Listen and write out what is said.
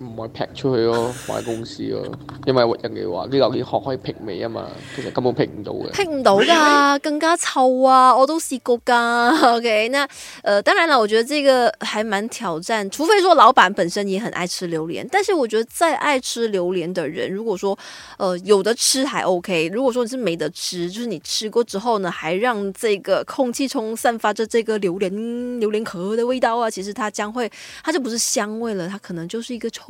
唔會劈出去咯，喺公司咯，因為人嘅話呢，榴蓮殼可以劈味啊嘛，其實根本劈唔到嘅。劈唔到㗎，更加臭啊！我都試過㗎。OK，那呃當然啦，我覺得這個還蠻挑戰，除非說老闆本身也很愛吃榴蓮。但是我覺得再愛吃榴蓮的人，如果說呃有得吃還 OK，如果說你是沒得吃，就是你吃過之後呢，還讓這個空氣中散發着這個榴蓮榴蓮殼的味道啊，其實它將會，它就不是香味了，它可能就是一個臭。